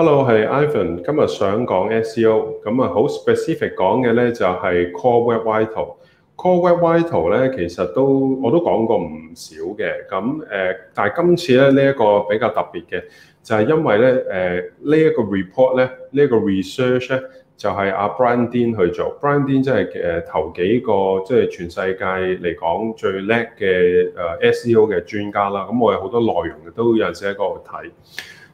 Hello，係 Ivan。今日想講 SEO，咁啊好 specific 講嘅咧就係 Core Web Vital。Core Web Vital 咧其實都我都講過唔少嘅，咁但係今次咧呢一個比較特別嘅就係、是、因為咧誒呢一個 report 咧呢一、這個 research 咧就係、是、阿、啊、Brian Dean 去做。Brian Dean 真係誒頭幾個即係、就是、全世界嚟講最叻嘅誒 SEO 嘅專家啦。咁我有好多內容都有陣時喺度睇。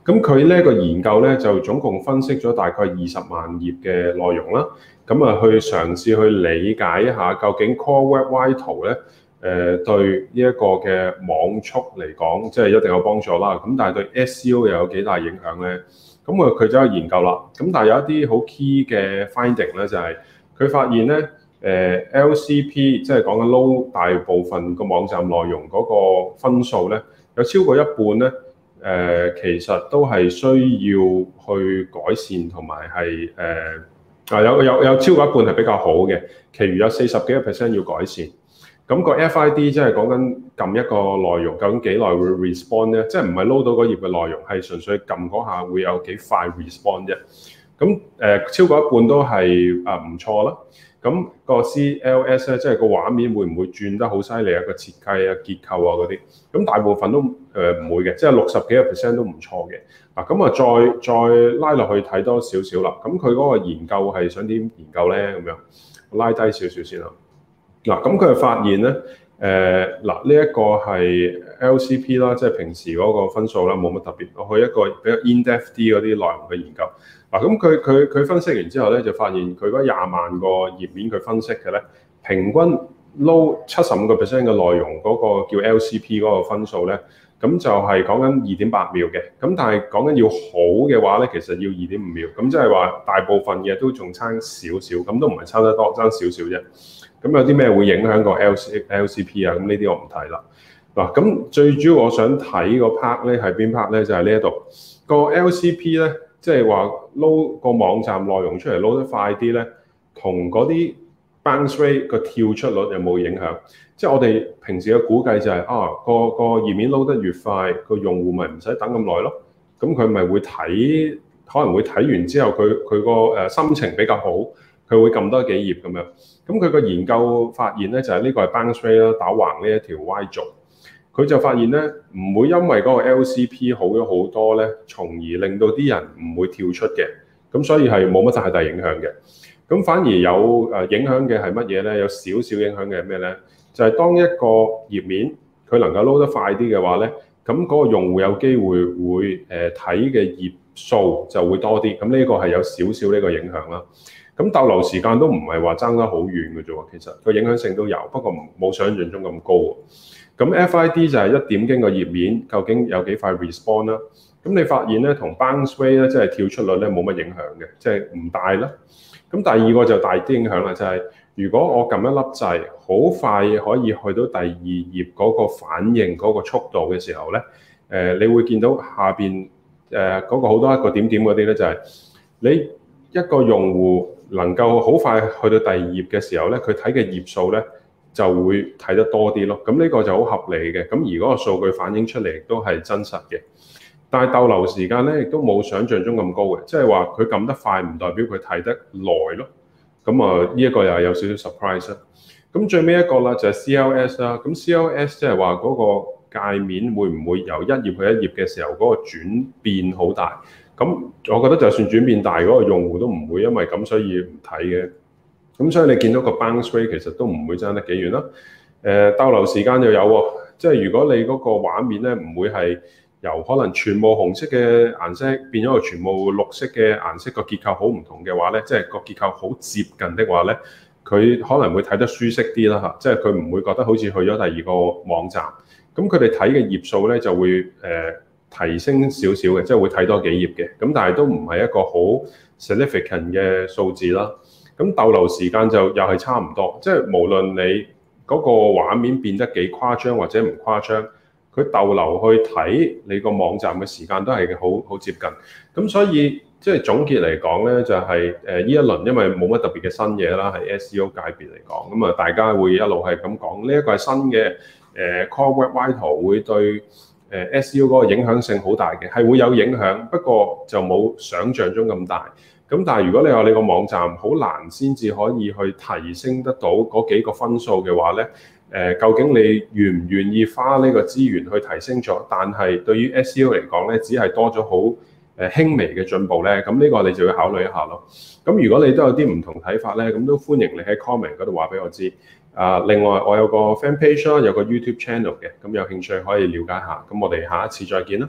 咁佢呢一個研究呢，就總共分析咗大概二十萬頁嘅內容啦。咁啊，去嘗試去理解一下究竟 Core Web Vitals 咧，誒，呃，對呢一個嘅網速嚟講，即係一定有幫助啦。咁但係對 SEO 又有幾大影響呢？咁啊，佢就有研究啦。咁但係有一啲好 key 嘅 finding 呢，就係佢發現呢，呃，LCP 即係講緊 load 大部分個網站內容嗰個分數呢，有超過一半呢。誒、呃、其實都係需要去改善同埋係誒啊有、呃、有有，有超過一半係比較好嘅，其餘有四十幾個 percent 要改善。咁、那個 FID 即係講緊撳一個內容究竟幾耐會 respond 咧，即係唔係撈到個頁嘅內容係純粹撳嗰下會有幾快 respond 啫。咁誒、呃、超過一半都係啊唔錯啦。咁個 CLS 咧，即係個畫面會唔會轉得好犀利啊？個設計啊、結構啊嗰啲，咁大部分都唔會嘅，即係六十幾個 percent 都唔錯嘅。嗱，咁啊再再拉落去睇多少少啦。咁佢嗰個研究係想點研究咧？咁樣拉低少少先啦。嗱，咁佢就發現咧。誒、呃、嗱、呢、這、一個係 LCP 啦，即係平時嗰個分數啦，冇乜特別。我去一個比較 in-depth 啲嗰啲內容去研究。嗱、啊，咁佢佢佢分析完之後咧，就發現佢嗰廿萬個頁面佢分析嘅咧，平均 load 七十五個 percent 嘅內容嗰、那個叫 LCP 嗰個分數咧，咁就係講緊二點八秒嘅。咁但係講緊要好嘅話咧，其實要二點五秒。咁即係話大部分嘢都仲差少少，咁都唔係差得多，爭少少啫。咁有啲咩會影響個 L C L C P 啊？咁呢啲我唔睇啦。嗱，咁最主要我想睇個 part 咧係邊 part 咧？就係呢一度個 L C P 咧，即係話撈個網站內容出嚟撈得快啲咧，同嗰啲 bounce rate 個跳出率有冇影響？即係我哋平時嘅估計就係啊，個個頁面撈得越快，個用戶咪唔使等咁耐咯。咁佢咪會睇，可能會睇完之後佢佢個心情比較好。佢會撳多幾頁咁樣，咁佢個研究發現咧就係、是、呢個係 bounce rate 啦，打橫呢一條 Y 軸，佢就發現咧唔會因為嗰個 LCP 好咗好多咧，從而令到啲人唔會跳出嘅，咁所以係冇乜太大影響嘅，咁反而有誒影響嘅係乜嘢咧？有少少影響嘅係咩咧？就係、是、當一個頁面佢能夠 load 得快啲嘅話咧，咁嗰個用戶有機會會誒睇嘅頁數就會多啲，咁呢個係有少少呢個影響啦。咁逗留時間都唔係話爭得好遠嘅啫喎，其實個影響性都有，不過冇想象中咁高喎。咁 F.I.D. 就係一點經個頁面究竟有幾塊 respond 啦。咁你發現咧，同 bounce way 呢，咧，即係跳出率咧，冇乜影響嘅，即係唔大啦。咁第二個就大啲影響啦，就係、是、如果我撳一粒掣，好快可以去到第二頁嗰個反應嗰個速度嘅時候咧，誒，你會見到下面誒嗰個好多一個點點嗰啲咧，就係你一個用戶。能夠好快去到第二頁嘅時候咧，佢睇嘅頁數咧就會睇得多啲咯。咁呢個就好合理嘅。咁而嗰個數據反映出嚟亦都係真實嘅。但係逗留時間咧亦都冇想像中咁高嘅，即係話佢撳得快唔代表佢睇得耐咯。咁啊，呢一個又係有少少 surprise 啦。咁最尾一個啦就係 CLS 啦。咁 CLS 即係話嗰個界面會唔會由一頁去一頁嘅時候嗰個轉變好大？咁我覺得就算轉變大嗰、那個用戶都唔會因為咁所以唔睇嘅，咁所以你見到個 bounce rate 其實都唔會爭得幾遠啦、啊。誒、呃，逗留時間又有喎、啊，即、就、係、是、如果你嗰個畫面咧唔會係由可能全部紅色嘅顏色變咗全部綠色嘅顏色，個結構好唔同嘅話咧，即係個結構好接近的話咧，佢可能會睇得舒適啲啦嚇，即係佢唔會覺得好似去咗第二個網站。咁佢哋睇嘅頁數咧就會誒。呃提升少少嘅，即係會睇多幾頁嘅，咁但係都唔係一個好 significant 嘅數字啦。咁逗留時間就又係差唔多，即係無論你嗰個畫面變得幾誇張或者唔誇張，佢逗留去睇你個網站嘅時間都係好好接近。咁所以即係總結嚟講咧，就係誒呢一輪，因為冇乜特別嘅新嘢啦，係 SEO 界別嚟講，咁啊大家會一路係咁講呢一個係新嘅誒 Core Web Vitals，會對誒 SEO 嗰個影響性好大嘅，係會有影響，不過就冇想象中咁大。咁但係如果你話你個網站好難先至可以去提升得到嗰幾個分數嘅話呢，誒究竟你願唔願意花呢個資源去提升咗？但係對於 SEO 嚟講呢，只係多咗好，誒輕微嘅進步呢，咁呢個你就要考慮一下囉。咁如果你都有啲唔同睇法呢，咁都歡迎你喺 comment 嗰度話畀我知。啊，另外我有個 fan page 啦，有個 YouTube channel 嘅，咁有興趣可以了解一下。咁我哋下一次再見啦。